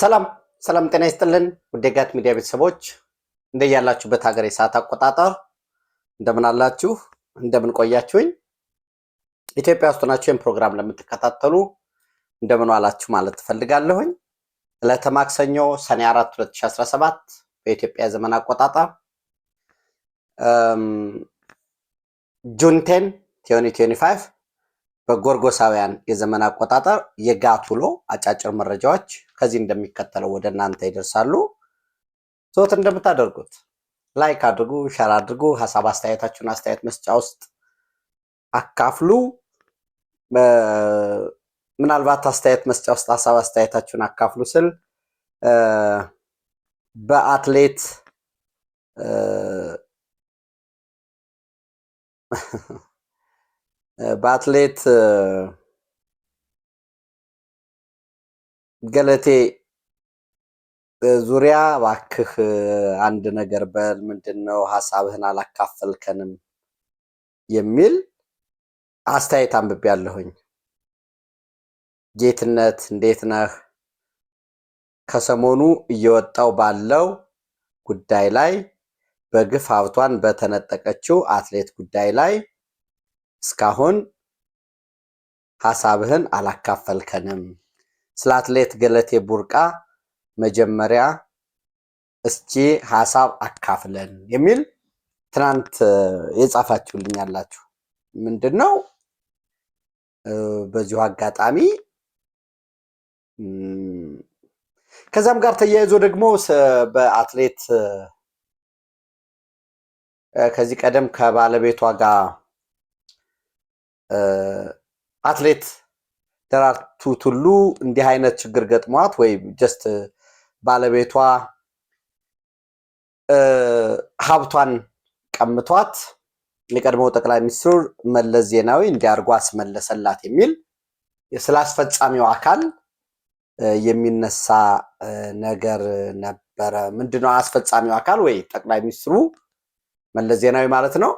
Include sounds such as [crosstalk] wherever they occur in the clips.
ሰላም ሰላም፣ ጤና ይስጥልን ውድ የጋት ሚዲያ ቤተሰቦች እንደያላችሁበት ሀገር የሰዓት አቆጣጠር እንደምን አላችሁ? እንደምን ቆያችሁኝ? ኢትዮጵያ ውስጥ ናችሁ ፕሮግራም ለምትከታተሉ እንደምን አላችሁ ማለት ትፈልጋለሁኝ። ዕለተ ማክሰኞ ሰኔ 4 2017 በኢትዮጵያ ዘመን አቆጣጠር ጁን 10 2025 በጎርጎሳውያን የዘመን አቆጣጠር የጋቱሎ አጫጭር መረጃዎች ከዚህ እንደሚከተለው ወደ እናንተ ይደርሳሉ። ሶት እንደምታደርጉት ላይክ አድርጉ፣ ሸር አድርጉ፣ ሀሳብ አስተያየታችሁን አስተያየት መስጫ ውስጥ አካፍሉ። ምናልባት አስተያየት መስጫ ውስጥ ሀሳብ አስተያየታችሁን አካፍሉ ስል በአትሌት በአትሌት ገለቴ ዙሪያ እባክህ አንድ ነገር በል፣ ምንድን ነው ሀሳብህን አላካፈልከንም የሚል አስተያየት አንብቤ ያለሁኝ። ጌትነት እንዴት ነህ? ከሰሞኑ እየወጣው ባለው ጉዳይ ላይ በግፍ ሀብቷን በተነጠቀችው አትሌት ጉዳይ ላይ እስካሁን ሀሳብህን አላካፈልከንም። ስለ አትሌት ገለቴ ቡርቃ መጀመሪያ እስኪ ሀሳብ አካፍለን የሚል ትናንት የጻፋችሁልኝ ያላችሁ ምንድን ነው? በዚሁ አጋጣሚ ከዚያም ጋር ተያይዞ ደግሞ በአትሌት ከዚህ ቀደም ከባለቤቷ ጋር አትሌት ደራርቱ ቱሉ እንዲህ አይነት ችግር ገጥሟት ወይም ጀስት ባለቤቷ ሀብቷን ቀምቷት የቀድሞው ጠቅላይ ሚኒስትሩ መለስ ዜናዊ እንዲያርጎ አስመለሰላት የሚል ስለ አስፈጻሚው አካል የሚነሳ ነገር ነበረ። ምንድነው አስፈጻሚው አካል ወይ ጠቅላይ ሚኒስትሩ መለስ ዜናዊ ማለት ነው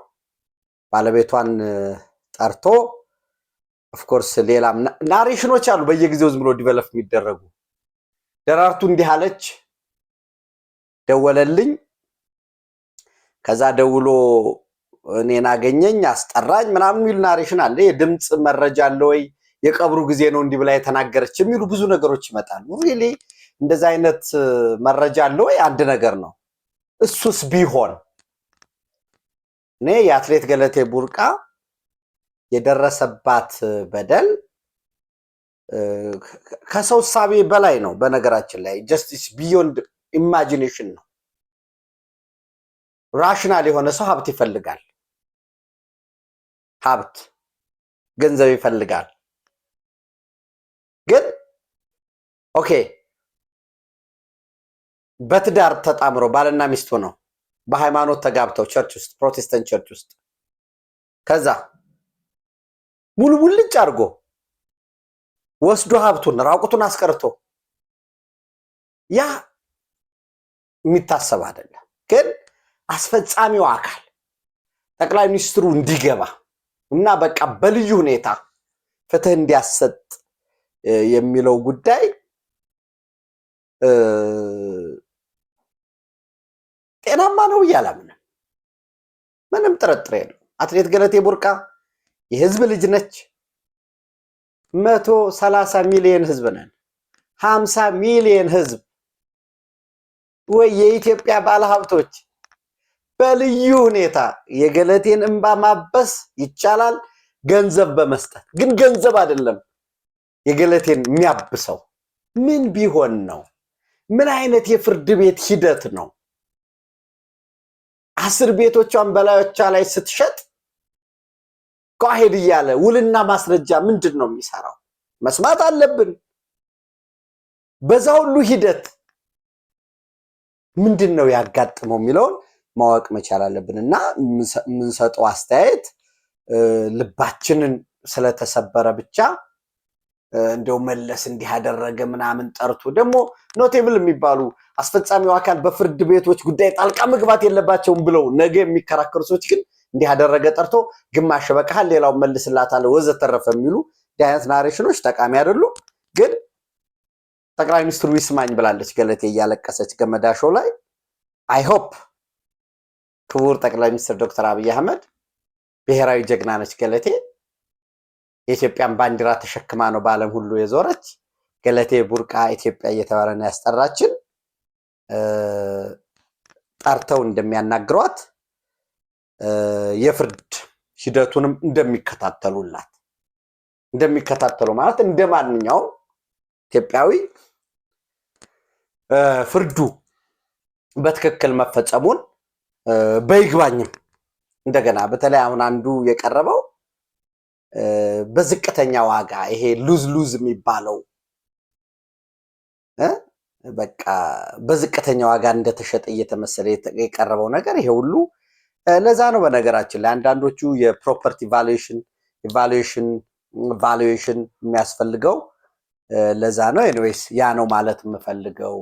ባለቤቷን ጠርቶ ኦፍኮርስ ሌላም ናሬሽኖች አሉ በየጊዜው ዝም ብሎ ዲቨሎፕ የሚደረጉ ደራርቱ እንዲህ አለች ደወለልኝ ከዛ ደውሎ እኔን አገኘኝ አስጠራኝ ምናምን የሚል ናሬሽን አለ የድምፅ መረጃ አለ ወይ የቀብሩ ጊዜ ነው እንዲህ ብላ የተናገረች የሚሉ ብዙ ነገሮች ይመጣሉ ሪሊ እንደዚ አይነት መረጃ አለ ወይ አንድ ነገር ነው እሱስ ቢሆን እኔ የአትሌት ገለቴ ቡርቃ የደረሰባት በደል ከሰው ሳቤ በላይ ነው። በነገራችን ላይ ጀስቲስ ቢዮንድ ኢማጂኔሽን ነው። ራሽናል የሆነ ሰው ሀብት ይፈልጋል፣ ሀብት ገንዘብ ይፈልጋል። ግን ኦኬ በትዳር ተጣምሮ ባልና ሚስቱ ነው፣ በሃይማኖት ተጋብተው ቸርች ውስጥ ፕሮቴስታንት ቸርች ውስጥ ከዛ ሙልሙልጭ አድርጎ ወስዶ ሀብቱን ራቁቱን አስቀርቶ ያ የሚታሰብ አይደለም። ግን አስፈጻሚው አካል ጠቅላይ ሚኒስትሩ እንዲገባ እና በቃ በልዩ ሁኔታ ፍትህ እንዲያሰጥ የሚለው ጉዳይ ጤናማ ነው ብዬ አላምንም። ምንም ጥርጥር የለው። አትሌት ገለቴ ቡርቃ የህዝብ ልጅ ነች። መቶ ሰላሳ ሚሊየን ህዝብ ነን። ሀምሳ ሚሊየን ህዝብ ወይ የኢትዮጵያ ባለሀብቶች በልዩ ሁኔታ የገለቴን እንባ ማበስ ይቻላል፣ ገንዘብ በመስጠት ግን ገንዘብ አይደለም የገለቴን የሚያብሰው። ምን ቢሆን ነው? ምን አይነት የፍርድ ቤት ሂደት ነው? አስር ቤቶቿን በላዮቿ ላይ ስትሸጥ ቃሄድ እያለ ውልና ማስረጃ ምንድን ነው የሚሰራው? መስማት አለብን። በዛ ሁሉ ሂደት ምንድን ነው ያጋጥመው የሚለውን ማወቅ መቻል አለብን እና የምንሰጠው አስተያየት ልባችንን ስለተሰበረ ብቻ እንደው መለስ እንዲህ ምናምን ጠርቶ ደግሞ ኖቴብል የሚባሉ አስፈጻሚው አካል በፍርድ ቤቶች ጉዳይ ጣልቃ መግባት የለባቸውም ብለው ነገ የሚከራከሩ ሰዎች ግን እንዲህ ያደረገ ጠርቶ ግማሽ በቃል ሌላው መልስላታለሁ ወዘተረፈ የሚሉ እንዲህ አይነት ናሬሽኖች ጠቃሚ አይደሉም። ግን ጠቅላይ ሚኒስትሩ ይስማኝ ብላለች ገለቴ እያለቀሰች ገመዳሾ ላይ አይሆፕ ክቡር ጠቅላይ ሚኒስትር ዶክተር አብይ አህመድ ብሔራዊ ጀግና ነች ገለቴ የኢትዮጵያን ባንዲራ ተሸክማ ነው በዓለም ሁሉ የዞረች ገለቴ ቡርቃ ኢትዮጵያ እየተባለ ነው ያስጠራችን። ጠርተው እንደሚያናግሯት የፍርድ ሂደቱንም እንደሚከታተሉላት እንደሚከታተሉ ማለት እንደ ማንኛውም ኢትዮጵያዊ ፍርዱ በትክክል መፈጸሙን በይግባኝም እንደገና በተለይ አሁን አንዱ የቀረበው በዝቅተኛ ዋጋ ይሄ ሉዝ ሉዝ የሚባለው በቃ በዝቅተኛ ዋጋ እንደተሸጠ እየተመሰለ የቀረበው ነገር ይሄ ሁሉ ለዛ ነው በነገራችን ላይ አንዳንዶቹ የፕሮፐርቲ ቫሉዌሽን ኢቫሉዌሽን ቫሉዌሽን የሚያስፈልገው ለዛ ነው። ኤኒዌይስ ያ ነው ማለት የምፈልገው።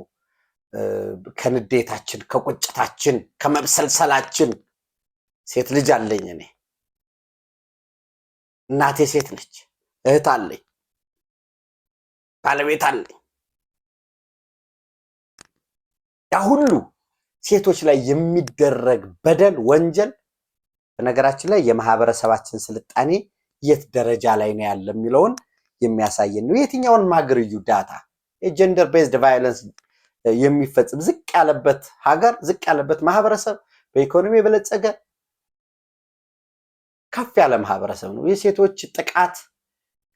ከንዴታችን፣ ከቁጭታችን፣ ከመብሰልሰላችን ሴት ልጅ አለኝ እኔ እናቴ ሴት ነች፣ እህት አለኝ፣ ባለቤት አለኝ ያ ሁሉ ሴቶች ላይ የሚደረግ በደል ወንጀል፣ በነገራችን ላይ የማህበረሰባችን ስልጣኔ የት ደረጃ ላይ ነው ያለ የሚለውን የሚያሳየን ነው። የትኛውን ማግርዩ ዳታ የጀንደር ቤዝድ ቫዮለንስ የሚፈጽም ዝቅ ያለበት ሀገር፣ ዝቅ ያለበት ማህበረሰብ፣ በኢኮኖሚ የበለጸገ ከፍ ያለ ማህበረሰብ ነው። የሴቶች ጥቃት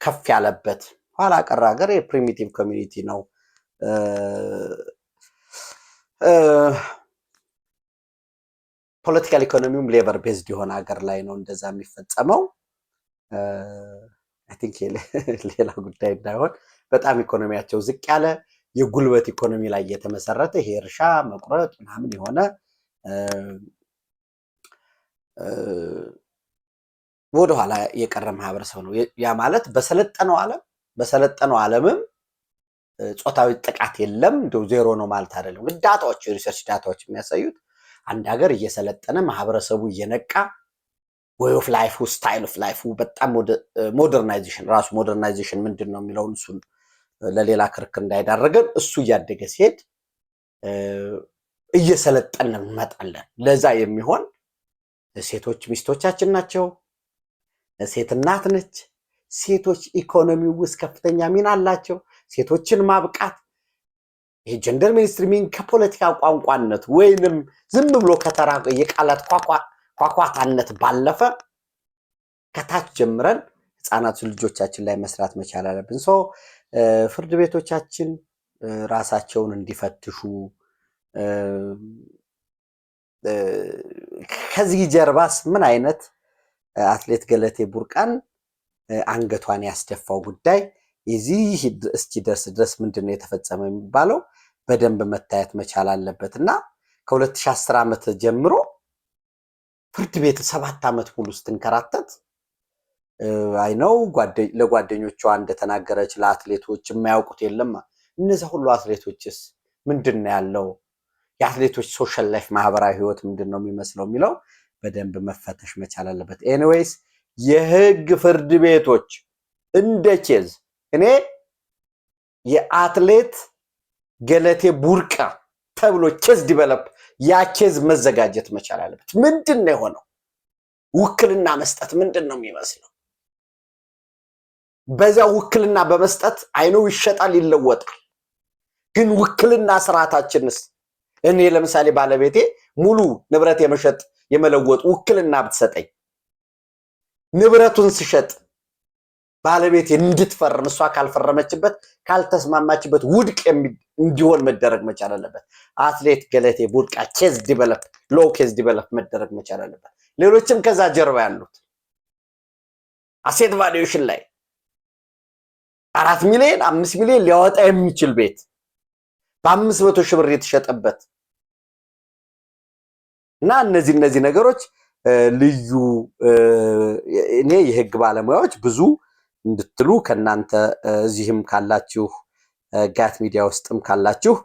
ከፍ ያለበት ኋላ ቀር ሀገር የፕሪሚቲቭ ኮሚኒቲ ነው። ፖለቲካል ኢኮኖሚውም ሌበር ቤዝድ የሆነ ሀገር ላይ ነው እንደዛ የሚፈጸመው። አይ ቲንክ ሌላ ጉዳይ እንዳይሆን በጣም ኢኮኖሚያቸው ዝቅ ያለ የጉልበት ኢኮኖሚ ላይ የተመሰረተ ይሄ እርሻ መቁረጥ ምናምን የሆነ ወደኋላ የቀረ ማህበረሰብ ነው። ያ ማለት በሰለጠነው ዓለም በሰለጠነው ዓለምም ጾታዊ ጥቃት የለም፣ እንደው ዜሮ ነው ማለት አይደለም። ግን ዳታዎች የሪሰርች ዳታዎች የሚያሳዩት አንድ ሀገር እየሰለጠነ ማህበረሰቡ እየነቃ ወይ ኦፍ ላይፍ ስታይል ኦፍ ላይፍ በጣም ሞደርናይዜሽን ራሱ ሞደርናይዜሽን ምንድን ነው የሚለውን እሱን ለሌላ ክርክር እንዳይዳረገን እሱ እያደገ ሲሄድ እየሰለጠን እንመጣለን። ለዛ የሚሆን ሴቶች ሚስቶቻችን ናቸው። ሴት እናት ነች። ሴቶች ኢኮኖሚ ውስጥ ከፍተኛ ሚና አላቸው። ሴቶችን ማብቃት ይሄ ጀንደር ሚኒስትሪሚንግ ከፖለቲካ ቋንቋነት ወይንም ዝም ብሎ ከተራ የቃላት ኳኳታነት ባለፈ ከታች ጀምረን ህፃናቱ ልጆቻችን ላይ መስራት መቻል አለብን። ሶ ፍርድ ቤቶቻችን ራሳቸውን እንዲፈትሹ ከዚህ ጀርባስ ምን አይነት አትሌት ገለቴ ቡርቃን አንገቷን ያስደፋው ጉዳይ የዚህ እስኪደርስ ድረስ ምንድን ነው የሚባለው? በደንብ መታየት መቻል አለበት እና ከ2010 ዓመት ጀምሮ ፍርድ ቤት ሰባት ዓመት ሙሉ ስትንከራተት አይነው ለጓደኞቿ እንደተናገረች ለአትሌቶች የማያውቁት የለም። እነዚያ ሁሉ አትሌቶችስ ምንድን ነው ያለው? የአትሌቶች ሶሻል ላይፍ ማህበራዊ ህይወት ምንድን ነው የሚመስለው የሚለው በደንብ መፈተሽ መቻል አለበት። ኤኒዌይስ የህግ ፍርድ ቤቶች እንደ ኬዝ እኔ የአትሌት ገለቴ ቡርቃ ተብሎ ኬዝ ዲቨሎፕ ያ ኬዝ መዘጋጀት መቻል አለበት። ምንድን ነው የሆነው? ውክልና መስጠት ምንድን ነው የሚመስለው? በዚያ ውክልና በመስጠት አይኖ ይሸጣል፣ ይለወጣል። ግን ውክልና ስርዓታችንስ እኔ ለምሳሌ ባለቤቴ ሙሉ ንብረት የመሸጥ የመለወጥ ውክልና ብትሰጠኝ ንብረቱን ስሸጥ ባለቤት እንድትፈርም እሷ ካልፈረመችበት ካልተስማማችበት ውድቅ እንዲሆን መደረግ መቻል አለበት። አትሌት ገለቴ ቡርቃ ኬዝ ዲቨሎፕ ሎው ኬዝ ዲቨሎፕ መደረግ መቻል አለበት። ሌሎችም ከዛ ጀርባ ያሉት አሴት ቫሉዌሽን ላይ አራት ሚሊዮን አምስት ሚሊዮን ሊያወጣ የሚችል ቤት በአምስት መቶ ሺህ ብር የተሸጠበት እና እነዚህ እነዚህ ነገሮች ልዩ እኔ የህግ ባለሙያዎች ብዙ እንድትሉ ከእናንተ እዚህም ካላችሁ ጋት ሚዲያ ውስጥም ካላችሁ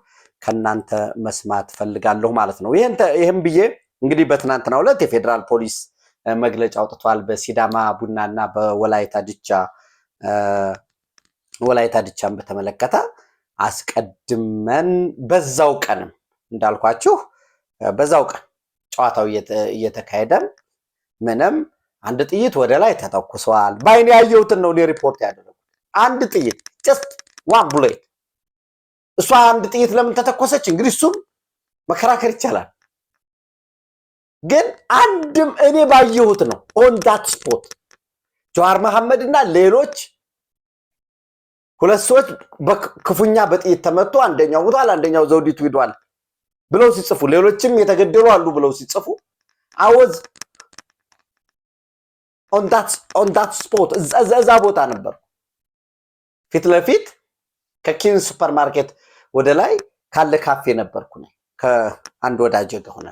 ከእናንተ መስማት ፈልጋለሁ ማለት ነው። ይህም ብዬ እንግዲህ በትናንትናው ዕለት የፌዴራል ፖሊስ መግለጫ አውጥቷል። በሲዳማ ቡና እና በወላይታ ድቻ ወላይታ ድቻን በተመለከተ አስቀድመን በዛው ቀንም እንዳልኳችሁ በዛው ቀን ጨዋታው እየተካሄደም ምንም አንድ ጥይት ወደ ላይ ተተኩሷል። ባይን ያየሁትን ነው እኔ ሪፖርት ያደረጉት። አንድ ጥይት ጀስት ዋን ቡሌት። እሷ አንድ ጥይት ለምን ተተኮሰች? እንግዲህ እሱም መከራከር ይቻላል። ግን አንድም እኔ ባየሁት ነው ኦን ዳት ስፖት ጀዋር መሐመድ እና ሌሎች ሁለት ሰዎች ክፉኛ በጥይት ተመቶ አንደኛው ሙቷል፣ አንደኛው ዘውዲቱ ሂዷል ብለው ሲጽፉ ሌሎችም የተገደሉ አሉ ብለው ሲጽፉ አወዝ ኦን ዳት ስፖት እዛ ቦታ ነበር ፊት ለፊት ከኪን ሱፐር ማርኬት ወደ ላይ ካለ ካፌ ነበርኩ ነው ከአንድ ወዳጅ ከሆነ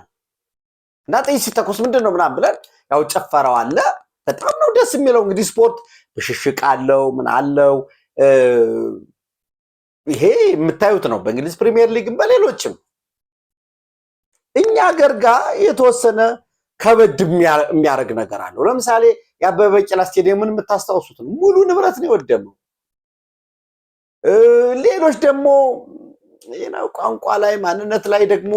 እና ጥይት ሲተኮስ ምንድን ነው ምናምን ብለን ያው ጨፈረው አለ። በጣም ነው ደስ የሚለው። እንግዲህ ስፖርት ብሽሽቅ አለው ምን አለው ይሄ የምታዩት ነው በእንግሊዝ ፕሪሚየር ሊግም በሌሎችም እኛ አገር ጋር የተወሰነ ከበድ የሚያደርግ ነገር አለው። ለምሳሌ የአበበ ቢቂላ ስቴዲየምን የምታስታውሱት ነው። ሙሉ ንብረት ነው የወደመው። ሌሎች ደግሞ ነው ቋንቋ ላይ ማንነት ላይ ደግሞ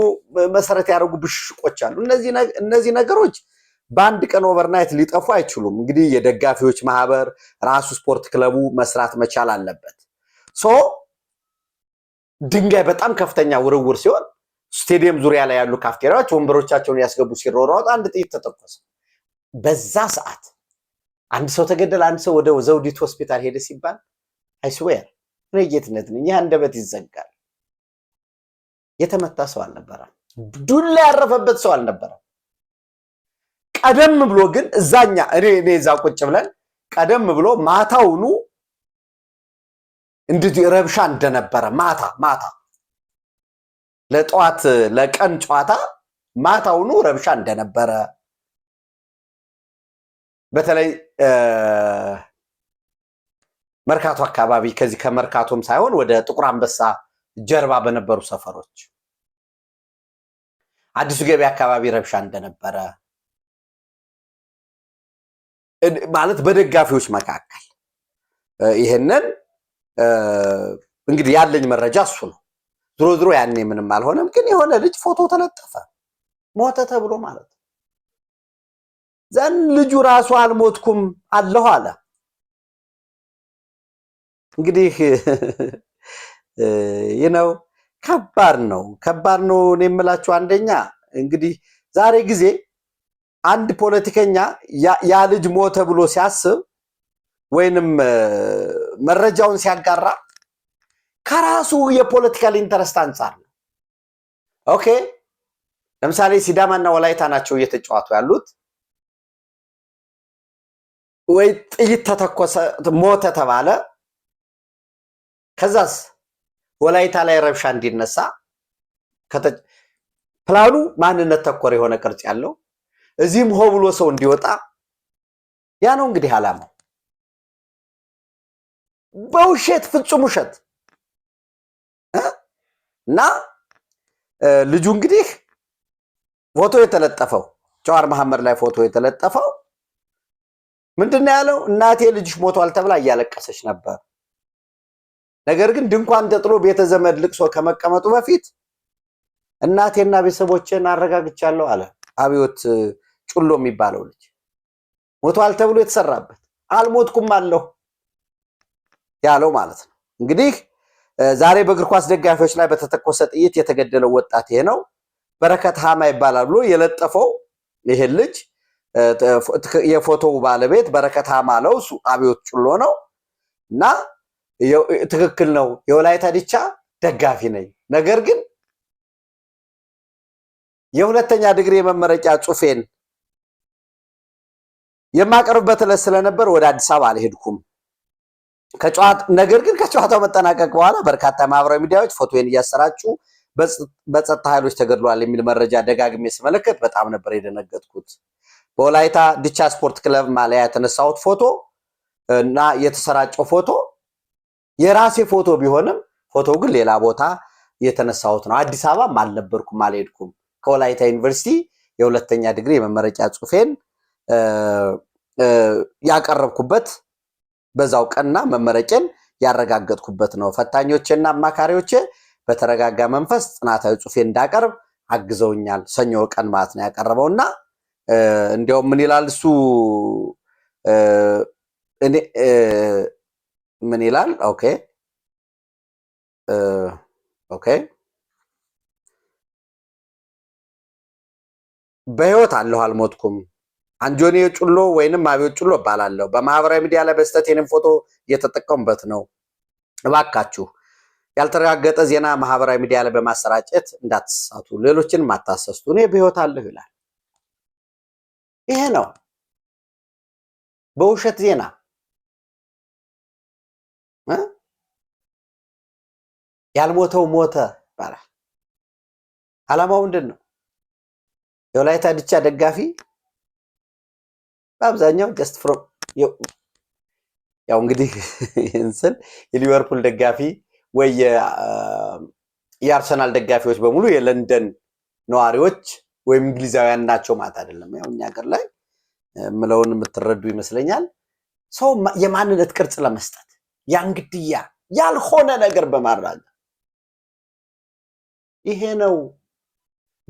መሰረት ያደረጉ ብሽሽቆች አሉ። እነዚህ ነገሮች በአንድ ቀን ኦቨርናይት ሊጠፉ አይችሉም። እንግዲህ የደጋፊዎች ማህበር ራሱ ስፖርት ክለቡ መስራት መቻል አለበት። ሶ ድንጋይ በጣም ከፍተኛ ውርውር ሲሆን ስቴዲየም ዙሪያ ላይ ያሉ ካፍቴሪያዎች ወንበሮቻቸውን ያስገቡ ሲሯሯጡ አንድ ጥይት ተተኮሰ። በዛ ሰዓት አንድ ሰው ተገደለ፣ አንድ ሰው ወደ ዘውዲት ሆስፒታል ሄደ ሲባል አይስዌር እኔ ጌትነት ነኝ። ይህ አንደበት ይዘጋል። የተመታ ሰው አልነበረም። ዱላ ያረፈበት ሰው አልነበረም። ቀደም ብሎ ግን እዛኛ እኔ እዛ ቁጭ ብለን ቀደም ብሎ ማታውኑ እንዲህ ረብሻ እንደነበረ ማታ ማታ ለጠዋት ለቀን ጨዋታ ማታውኑ ረብሻ እንደነበረ በተለይ መርካቶ አካባቢ ከዚህ ከመርካቶም ሳይሆን ወደ ጥቁር አንበሳ ጀርባ በነበሩ ሰፈሮች አዲሱ ገበያ አካባቢ ረብሻ እንደነበረ ማለት በደጋፊዎች መካከል ይህንን እንግዲህ ያለኝ መረጃ እሱ ነው። ድሮ ድሮ ያኔ ምንም አልሆነም፣ ግን የሆነ ልጅ ፎቶ ተለጠፈ ሞተ ተብሎ ማለት ነው። ዘን ልጁ ራሱ አልሞትኩም አለሁ አለ። እንግዲህ [laughs] ይህ ነው። ከባድ ነው፣ ከባድ ነው። እኔ የምላችሁ አንደኛ እንግዲህ ዛሬ ጊዜ አንድ ፖለቲከኛ ያ ልጅ ሞተ ብሎ ሲያስብ ወይንም መረጃውን ሲያጋራ ከራሱ የፖለቲካል ኢንተረስት አንጻር ነው። ኦኬ፣ ለምሳሌ ሲዳማና ወላይታ ናቸው እየተጫወቱ ያሉት። ወይ ጥይት ተተኮሰ ሞተ ተባለ። ከዛስ ወላይታ ላይ ረብሻ እንዲነሳ ፕላኑ ማንነት ተኮር የሆነ ቅርጽ ያለው እዚህም ሆ ብሎ ሰው እንዲወጣ ያ ነው እንግዲህ አላማው በውሸት ፍጹም ውሸት እና ልጁ እንግዲህ ፎቶ የተለጠፈው ጀዋር መሐመድ ላይ ፎቶ የተለጠፈው ምንድን ያለው? እናቴ ልጅሽ ሞቷል ተብላ እያለቀሰች ነበር። ነገር ግን ድንኳን ተጥሎ ቤተዘመድ ልቅሶ ከመቀመጡ በፊት እናቴና ቤተሰቦችን አረጋግቻለሁ አለ አብዮት ጩሎ የሚባለው ልጅ። ሞቷል ተብሎ የተሰራበት አልሞትኩም አለሁ ያለው ማለት ነው። እንግዲህ ዛሬ በእግር ኳስ ደጋፊዎች ላይ በተተኮሰ ጥይት የተገደለው ወጣት ይሄ ነው። በረከት ሀማ ይባላል ብሎ የለጠፈው ይህን ልጅ የፎቶው ባለቤት በረከት አማለው እሱ አብዮት ጭሎ ነው እና ትክክል ነው። የወላይታ ዲቻ ደጋፊ ነኝ። ነገር ግን የሁለተኛ ድግሪ የመመረቂያ ጽሑፌን የማቀርብበት ዕለት ስለነበር ወደ አዲስ አበባ አልሄድኩም። ነገር ግን ከጨዋታው መጠናቀቅ በኋላ በርካታ ማህበራዊ ሚዲያዎች ፎቶዬን እያሰራጩ በጸጥታ ኃይሎች ተገድሏል የሚል መረጃ ደጋግሜ ስመለከት በጣም ነበር የደነገጥኩት። በወላይታ ድቻ ስፖርት ክለብ ማሊያ የተነሳሁት ፎቶ እና የተሰራጨው ፎቶ የራሴ ፎቶ ቢሆንም ፎቶ ግን ሌላ ቦታ የተነሳሁት ነው። አዲስ አበባም አልነበርኩም፣ አልሄድኩም። ከወላይታ ዩኒቨርሲቲ የሁለተኛ ዲግሪ የመመረቂያ ጽሑፌን ያቀረብኩበት በዛው ቀንና መመረቄን ያረጋገጥኩበት ነው። ፈታኞቼና አማካሪዎቼ በተረጋጋ መንፈስ ጥናታዊ ጽሑፌን እንዳቀርብ አግዘውኛል። ሰኞ ቀን ማለት ነው ያቀረበውና እንዲያውም ምን ይላል እሱ ምን ይላል? ኦኬ ኦኬ በህይወት አለሁ አልሞትኩም። አንጆኒ ጩሎ ወይንም አብዮት ጩሎ እባላለሁ። በማህበራዊ ሚዲያ ላይ በስተት የኔን ፎቶ እየተጠቀሙበት ነው። እባካችሁ ያልተረጋገጠ ዜና ማህበራዊ ሚዲያ ላይ በማሰራጨት እንዳትሳቱ፣ ሌሎችንም አታሰስቱ። እኔ በህይወት አለሁ ይላል። ይሄ ነው። በውሸት ዜና ያልሞተው ሞተ ይባላል። ዓላማው ምንድን ነው? የወላይታ ድቻ ደጋፊ በአብዛኛው ጀስት ፍሮም ያው እንግዲህ ይህን ስል የሊቨርፑል ደጋፊ ወይ የአርሰናል ደጋፊዎች በሙሉ የለንደን ነዋሪዎች ወይም እንግሊዛውያን ናቸው ማለት አይደለም። ያው እኛ ሀገር ላይ ምለውን የምትረዱ ይመስለኛል። ሰው የማንነት ቅርጽ ለመስጠት ያን ግድያ ያልሆነ ነገር በማድረግ ይሄ ነው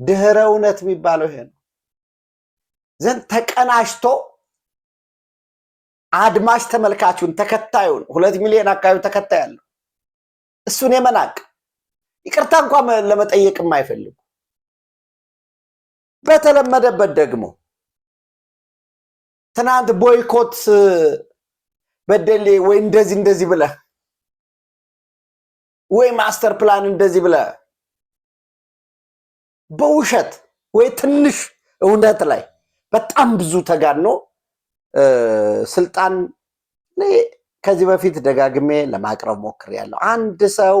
ድህረ እውነት የሚባለው ይሄ ነው ዘንድ ተቀናሽቶ አድማሽ ተመልካቹን ተከታዩን ሁለት ሚሊዮን አካባቢ ተከታይ ያለው እሱን የመናቅ ይቅርታ እንኳን ለመጠየቅ የማይፈልጉ በተለመደበት ደግሞ ትናንት ቦይኮት በደሌ ወይ እንደዚህ እንደዚህ ብለ ወይ ማስተር ፕላን እንደዚህ ብለ በውሸት ወይ ትንሽ እውነት ላይ በጣም ብዙ ተጋድኖ ስልጣን ከዚህ በፊት ደጋግሜ ለማቅረብ ሞክሬያለሁ። አንድ ሰው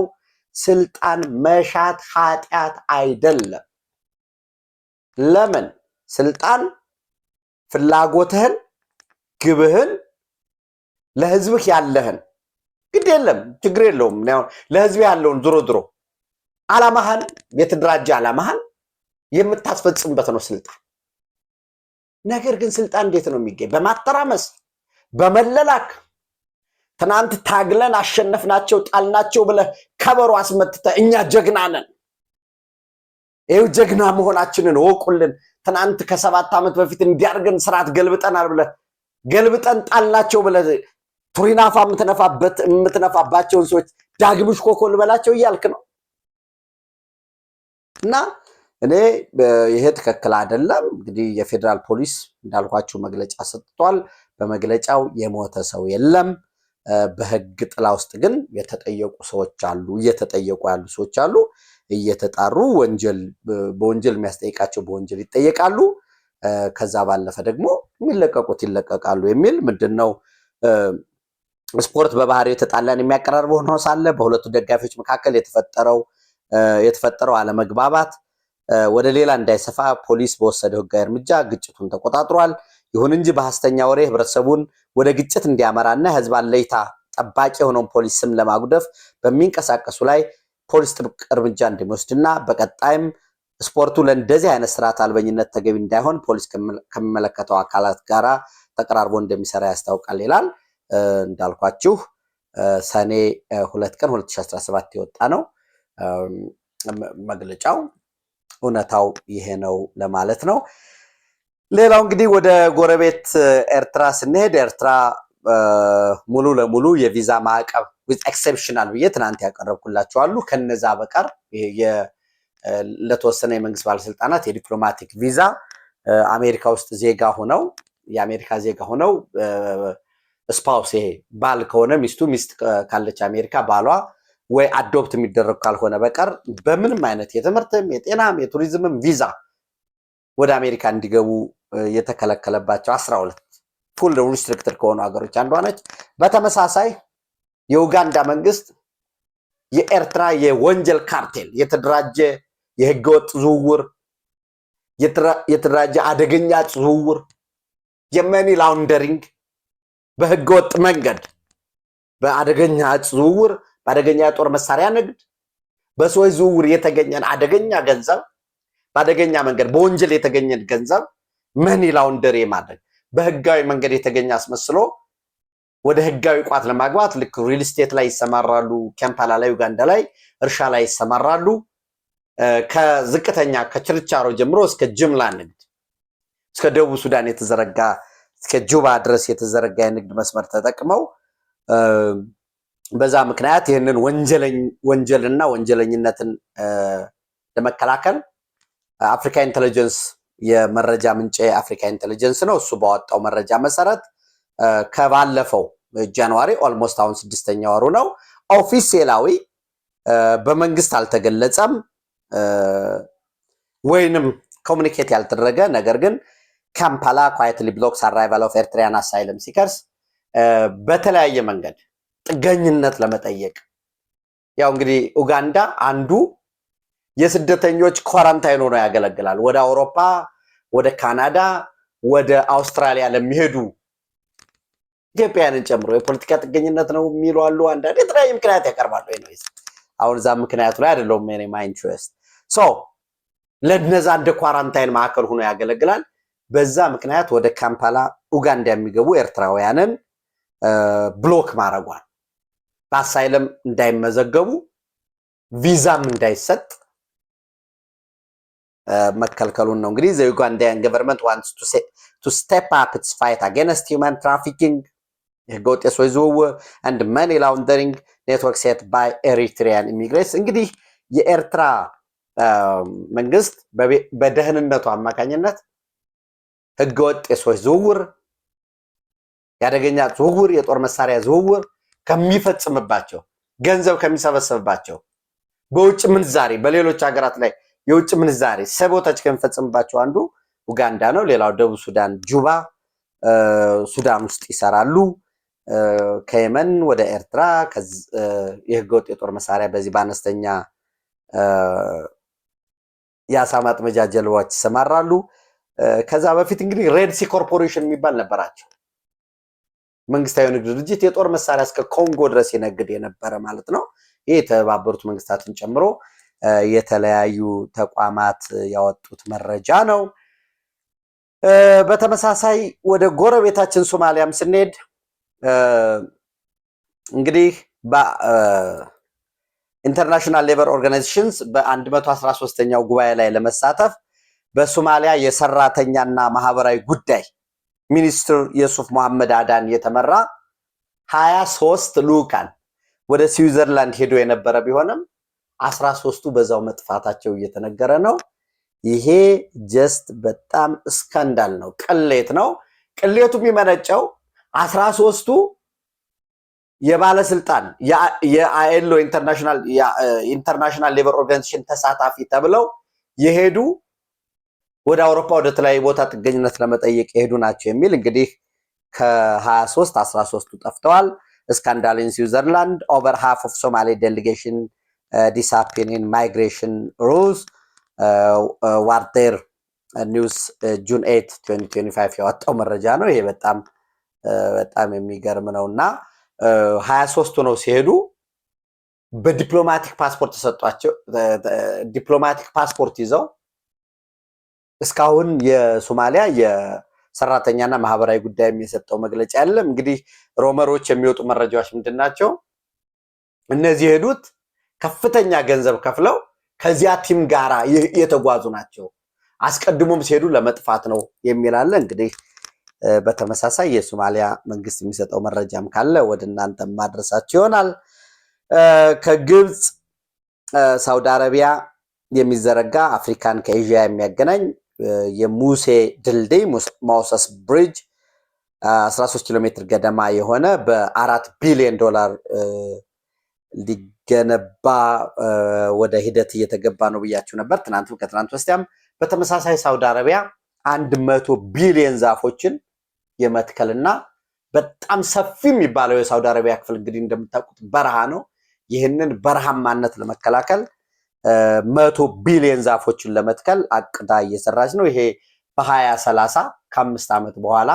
ስልጣን መሻት ኃጢአት አይደለም። ለምን ስልጣን፣ ፍላጎትህን፣ ግብህን፣ ለህዝብህ ያለህን ግድ የለም ችግር የለውም። ለህዝብ ያለውን ድሮ ድሮ አላማህን የተደራጀ አላማህን የምታስፈጽምበት ነው ስልጣን። ነገር ግን ስልጣን እንዴት ነው የሚገኝ? በማተራመስ በመለላክ ትናንት ታግለን አሸነፍናቸው ጣልናቸው ብለህ ከበሮ አስመትተህ እኛ ጀግና ነን ይኸው ጀግና መሆናችንን ወቁልን። ትናንት ከሰባት ዓመት በፊት እንዲያርገን ስርዓት ገልብጠናል ብለ ገልብጠን ጣልናቸው ብለ ቱሪናፋ የምትነፋበት የምትነፋባቸውን ሰዎች ዳግምሽ ኮኮ ልበላቸው እያልክ ነው። እና እኔ ይሄ ትክክል አይደለም። እንግዲህ የፌዴራል ፖሊስ እንዳልኳችሁ መግለጫ ሰጥቷል። በመግለጫው የሞተ ሰው የለም። በህግ ጥላ ውስጥ ግን የተጠየቁ ሰዎች አሉ፣ እየተጠየቁ ያሉ ሰዎች አሉ። እየተጣሩ ወንጀል በወንጀል የሚያስጠይቃቸው በወንጀል ይጠየቃሉ። ከዛ ባለፈ ደግሞ የሚለቀቁት ይለቀቃሉ የሚል ምንድን ነው ስፖርት በባህሪው የተጣላን የሚያቀራርብ ሆኖ ሳለ በሁለቱ ደጋፊዎች መካከል የተፈጠረው የተፈጠረው አለመግባባት ወደ ሌላ እንዳይሰፋ ፖሊስ በወሰደው ሕጋዊ እርምጃ ግጭቱን ተቆጣጥሯል። ይሁን እንጂ በሐሰተኛ ወሬ ህብረተሰቡን ወደ ግጭት እንዲያመራና የህዝብ ለይታ ጠባቂ የሆነውን ፖሊስ ስም ለማጉደፍ በሚንቀሳቀሱ ላይ ፖሊስ ጥብቅ እርምጃ እንደሚወስድና በቀጣይም ስፖርቱ ለእንደዚህ አይነት ስርዓት አልበኝነት ተገቢ እንዳይሆን ፖሊስ ከሚመለከተው አካላት ጋር ተቀራርቦ እንደሚሰራ ያስታውቃል ይላል። እንዳልኳችሁ ሰኔ ሁለት ቀን 2017 የወጣ ነው መግለጫው። እውነታው ይሄ ነው ለማለት ነው። ሌላው እንግዲህ ወደ ጎረቤት ኤርትራ ስንሄድ ኤርትራ ሙሉ ለሙሉ የቪዛ ማዕቀብ ዊዝ ኤክሰፕሽናል ብዬ ትናንት ያቀረብኩላቸው አሉ። ከነዛ በቀር ለተወሰነ የመንግስት ባለስልጣናት የዲፕሎማቲክ ቪዛ አሜሪካ ውስጥ ዜጋ ሆነው የአሜሪካ ዜጋ ሆነው ስፓውስ ይሄ ባል ከሆነ ሚስቱ ሚስት ካለች አሜሪካ ባሏ ወይ አዶፕት የሚደረጉ ካልሆነ በቀር በምንም አይነት የትምህርትም የጤናም የቱሪዝምም ቪዛ ወደ አሜሪካ እንዲገቡ የተከለከለባቸው አስራ ሁለት ፉል ሪስትሪክትድ ከሆኑ ሀገሮች አንዷ ነች። በተመሳሳይ የኡጋንዳ መንግስት የኤርትራ የወንጀል ካርቴል የተደራጀ የህገወጥ ዝውውር፣ የተደራጀ አደገኛ ዝውውር፣ የመኒ ላውንደሪንግ በህገወጥ መንገድ በአደገኛ ዝውውር፣ በአደገኛ የጦር መሳሪያ ንግድ፣ በሰዎች ዝውውር የተገኘን አደገኛ ገንዘብ በአደገኛ መንገድ በወንጀል የተገኘን ገንዘብ መኒ ላውንደሪ ማድረግ በህጋዊ መንገድ የተገኘ አስመስሎ ወደ ህጋዊ ቋት ለማግባት ልክ ሪል ስቴት ላይ ይሰማራሉ፣ ካምፓላ ላይ ዩጋንዳ ላይ እርሻ ላይ ይሰማራሉ። ከዝቅተኛ ከችርቻሮ ጀምሮ እስከ ጅምላ ንግድ እስከ ደቡብ ሱዳን የተዘረጋ እስከ ጁባ ድረስ የተዘረጋ የንግድ መስመር ተጠቅመው በዛ ምክንያት ይህንን ወንጀልና ወንጀለኝነትን ለመከላከል አፍሪካ ኢንቴሊጀንስ የመረጃ ምንጭ የአፍሪካ ኢንቴሊጀንስ ነው። እሱ ባወጣው መረጃ መሰረት ከባለፈው ጃንዋሪ ኦልሞስት አሁን ስድስተኛ ወሩ ነው። ኦፊሴላዊ በመንግስት አልተገለጸም ወይንም ኮሚኒኬት ያልተደረገ ነገር ግን ካምፓላ ኳየትሊ ብሎክስ አራይቫል ኦፍ ኤርትሪያን አሳይለም ሲከርስ በተለያየ መንገድ ጥገኝነት ለመጠየቅ ያው እንግዲህ ኡጋንዳ አንዱ የስደተኞች ኳራንታይን ሆኖ ያገለግላል። ወደ አውሮፓ፣ ወደ ካናዳ፣ ወደ አውስትራሊያ ለሚሄዱ ኢትዮጵያውያንን ጨምሮ የፖለቲካ ጥገኝነት ነው የሚሉ አሉ። አንዳንድ የተለያዩ ምክንያት ያቀርባሉ። አሁን እዛ ምክንያቱ ላይ አይደለሁም ማ ሶ ለነዛ እንደ ኳራንታይን ማዕከል ሆኖ ያገለግላል። በዛ ምክንያት ወደ ካምፓላ ኡጋንዳ የሚገቡ ኤርትራውያንን ብሎክ ማድረጓል። በአሳይለም እንዳይመዘገቡ ቪዛም እንዳይሰጥ መከልከሉን ነው። እንግዲህ ዘ ዩጋንዳያን ገቨርንመንት ዋንትስ ቱ ስቴፕ አፕ ኢትስ ፋይት አጌንስት ሂውማን ትራፊኪንግ የህገወጥ የሰዎች ዝውውር አንድ መኒ ላውንደሪንግ ኔትወርክ ሴት ባይ ኤሪትሪያን ኢሚግሬትስ እንግዲህ የኤርትራ መንግስት በደህንነቱ አማካኝነት ህገወጥ የሰዎች ዝውውር፣ የአደገኛ ዝውውር፣ የጦር መሳሪያ ዝውውር ከሚፈጽምባቸው ገንዘብ ከሚሰበሰብባቸው በውጭ ምንዛሬ በሌሎች ሀገራት ላይ የውጭ ምንዛሬ ሰቦታች ከሚፈጽምባቸው አንዱ ኡጋንዳ ነው። ሌላው ደቡብ ሱዳን ጁባ፣ ሱዳን ውስጥ ይሰራሉ። ከየመን ወደ ኤርትራ የህገወጥ የጦር መሳሪያ በዚህ በአነስተኛ የአሳ ማጥመጃ ጀልባዎች ይሰማራሉ። ከዛ በፊት እንግዲህ ሬድሲ ኮርፖሬሽን የሚባል ነበራቸው መንግስታዊ ንግድ ድርጅት የጦር መሳሪያ እስከ ኮንጎ ድረስ የነግድ የነበረ ማለት ነው። ይህ የተባበሩት መንግስታትን ጨምሮ የተለያዩ ተቋማት ያወጡት መረጃ ነው። በተመሳሳይ ወደ ጎረቤታችን ሶማሊያም ስንሄድ እንግዲህ ኢንተርናሽናል ሌበር ኦርጋናይዜሽንስ በ113ኛው ጉባኤ ላይ ለመሳተፍ በሶማሊያ የሰራተኛና ማህበራዊ ጉዳይ ሚኒስትር የሱፍ መሐመድ አዳን የተመራ 23 ልዑካን ወደ ስዊዘርላንድ ሄዶ የነበረ ቢሆንም 13ቱ በዛው መጥፋታቸው እየተነገረ ነው። ይሄ ጀስት በጣም ስካንዳል ነው፣ ቅሌት ነው። ቅሌቱ የሚመነጨው አስራ ሶስቱ የባለስልጣን የአኤሎ ኢንተርናሽናል ሌበር ኦርጋኒዜሽን ተሳታፊ ተብለው የሄዱ ወደ አውሮፓ ወደ ተለያዩ ቦታ ጥገኝነት ለመጠየቅ የሄዱ ናቸው የሚል እንግዲህ ከ23 13ቱ ጠፍተዋል። ስካንዳል ኢን ስዊዘርላንድ ኦቨር ሃፍ ኦፍ ሶማሌ ዴሊጌሽን ዲስፒኒን ማይግሬሽን ሩዝ ዋርቴር ኒውስ ጁን 8 2025 ያወጣው መረጃ ነው። ይሄ በጣም በጣም የሚገርም ነው እና ሀያ ሶስቱ ነው ሲሄዱ በዲፕሎማቲክ ፓስፖርት ተሰጧቸው። ዲፕሎማቲክ ፓስፖርት ይዘው እስካሁን የሶማሊያ የሰራተኛና ማህበራዊ ጉዳይ የሰጠው መግለጫ የለም። እንግዲህ ሮመሮች የሚወጡ መረጃዎች ምንድን ናቸው? እነዚህ የሄዱት ከፍተኛ ገንዘብ ከፍለው ከዚያ ቲም ጋራ የተጓዙ ናቸው። አስቀድሞም ሲሄዱ ለመጥፋት ነው የሚላለ እንግዲህ በተመሳሳይ የሶማሊያ መንግስት የሚሰጠው መረጃም ካለ ወደ እናንተ ማድረሳቸው ይሆናል። ከግብፅ ሳውዲ አረቢያ የሚዘረጋ አፍሪካን ከኤዥያ የሚያገናኝ የሙሴ ድልድይ ማውሰስ ብሪጅ 13 ኪሎ ሜትር ገደማ የሆነ በአራት ቢሊዮን ዶላር ሊገነባ ወደ ሂደት እየተገባ ነው ብያችሁ ነበር። ትናንት ከትናንት በስቲያም በተመሳሳይ ሳውዲ አረቢያ አንድ መቶ ቢሊዮን ዛፎችን የመትከልና በጣም ሰፊ የሚባለው የሳውዲ አረቢያ ክፍል እንግዲህ እንደምታውቁት በረሃ ነው። ይህንን በረሃማነት ለመከላከል መቶ ቢሊዮን ዛፎችን ለመትከል አቅዳ እየሰራች ነው። ይሄ በሀያ ሰላሳ ከአምስት ዓመት በኋላ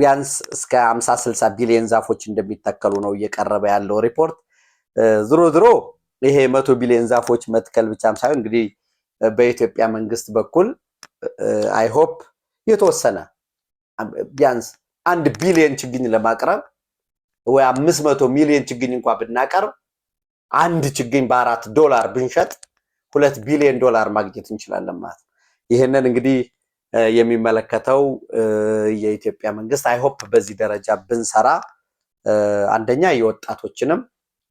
ቢያንስ እስከ አምሳ ስልሳ ቢሊዮን ዛፎች እንደሚተከሉ ነው እየቀረበ ያለው ሪፖርት። ዝሮ ዝሮ ይሄ መቶ ቢሊዮን ዛፎች መትከል ብቻም ሳይሆን እንግዲህ በኢትዮጵያ መንግስት በኩል አይሆፕ የተወሰነ ቢያንስ አንድ ቢሊየን ችግኝ ለማቅረብ ወይ አምስት መቶ ሚሊዮን ችግኝ እንኳ ብናቀርብ አንድ ችግኝ በአራት ዶላር ብንሸጥ ሁለት ቢሊዮን ዶላር ማግኘት እንችላለን ማለት ነው። ይህንን እንግዲህ የሚመለከተው የኢትዮጵያ መንግስት አይሆፕ በዚህ ደረጃ ብንሰራ አንደኛ የወጣቶችንም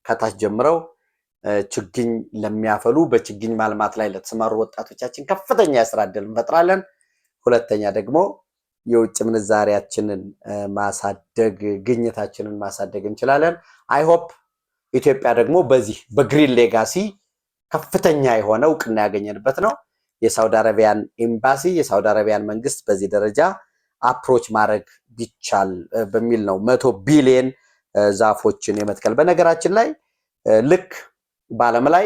ከታች ጀምረው ችግኝ ለሚያፈሉ በችግኝ ማልማት ላይ ለተሰማሩ ወጣቶቻችን ከፍተኛ የስራ እድል እንፈጥራለን። ሁለተኛ ደግሞ የውጭ ምንዛሪያችንን ማሳደግ ግኝታችንን ማሳደግ እንችላለን። አይሆፕ ኢትዮጵያ ደግሞ በዚህ በግሪን ሌጋሲ ከፍተኛ የሆነ እውቅና ያገኘንበት ነው። የሳውዲ አረቢያን ኤምባሲ የሳውዲ አረቢያን መንግስት በዚህ ደረጃ አፕሮች ማድረግ ቢቻል በሚል ነው መቶ ቢሊየን ዛፎችን የመትከል በነገራችን ላይ ልክ በዓለም ላይ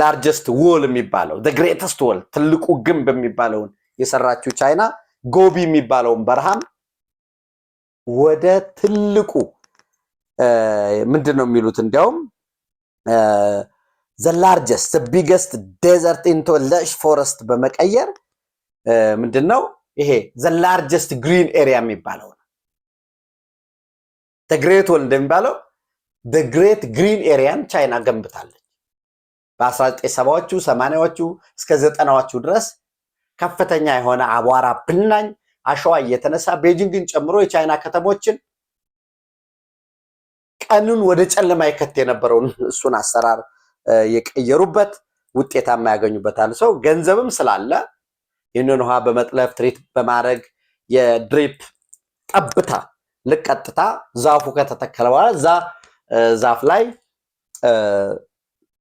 ላርጀስት ዎል የሚባለው ግሬተስት ዎል ትልቁ ግንብ የሚባለውን የሰራችው ቻይና ጎቢ የሚባለውን በረሃም ወደ ትልቁ ምንድን ነው የሚሉት እንዲያውም ዘላርጀስት ቢገስት ዴዘርት ኢንቶ ለሽ ፎረስት በመቀየር ምንድን ነው ይሄ ዘላርጀስት ግሪን ኤሪያ የሚባለው ነው። ግሬት ወል እንደሚባለው ግሬት ግሪን ኤሪያን ቻይና ገንብታለች። በ1970ዎቹ፣ 80ዎቹ እስከ 90ዎቹ ድረስ ከፍተኛ የሆነ አቧራ ብናኝ አሸዋ እየተነሳ ቤጂንግን ጨምሮ የቻይና ከተሞችን ቀኑን ወደ ጨለማ ይከት የነበረውን እሱን አሰራር የቀየሩበት ውጤታማ ያገኙበታል። ሰው ገንዘብም ስላለ ይህንን ውሃ በመጥለፍ ትሪት በማድረግ የድሪፕ ጠብታ ልቀጥታ ዛፉ ከተተከለ በኋላ እዛ ዛፍ ላይ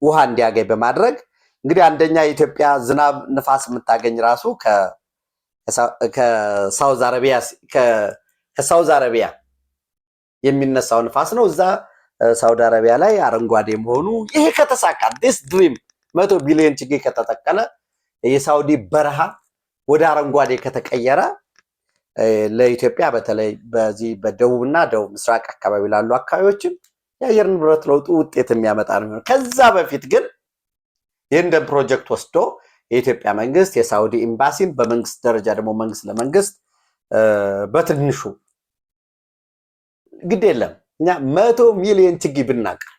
ውሃ እንዲያገኝ በማድረግ እንግዲህ አንደኛ የኢትዮጵያ ዝናብ ንፋስ የምታገኝ ራሱ ከሳውዝ አረቢያ የሚነሳው ንፋስ ነው። እዛ ሳውዲ አረቢያ ላይ አረንጓዴ መሆኑ ይሄ ከተሳካ ዲስ ድሪም መቶ ቢሊዮን ችግኝ ከተተከለ የሳውዲ በረሃ ወደ አረንጓዴ ከተቀየረ ለኢትዮጵያ በተለይ በዚህ በደቡብና ደቡብ ምስራቅ አካባቢ ላሉ አካባቢዎችም የአየር ንብረት ለውጡ ውጤት የሚያመጣ ነው ከዛ በፊት ግን ይህን እንደ ፕሮጀክት ወስዶ የኢትዮጵያ መንግስት የሳውዲ ኤምባሲን በመንግስት ደረጃ ደግሞ መንግስት ለመንግስት በትንሹ ግድ የለም እኛ መቶ ሚሊዮን ችግኝ ብናቀር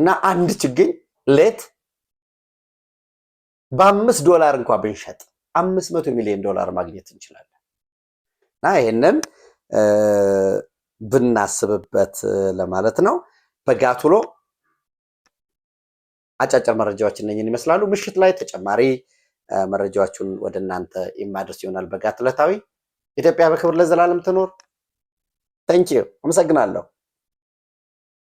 እና አንድ ችግኝ ሌት በአምስት ዶላር እንኳ ብንሸጥ አምስት መቶ ሚሊዮን ዶላር ማግኘት እንችላለን እና ይህንን ብናስብበት ለማለት ነው። በጋቱሎ አጫጭር መረጃዎች እነኝን ይመስላሉ። ምሽት ላይ ተጨማሪ መረጃዎቹን ወደ እናንተ የማድረስ ይሆናል። በጋት ዕለታዊ ኢትዮጵያ በክብር ለዘላለም ትኖር። ተንኪዩ አመሰግናለሁ።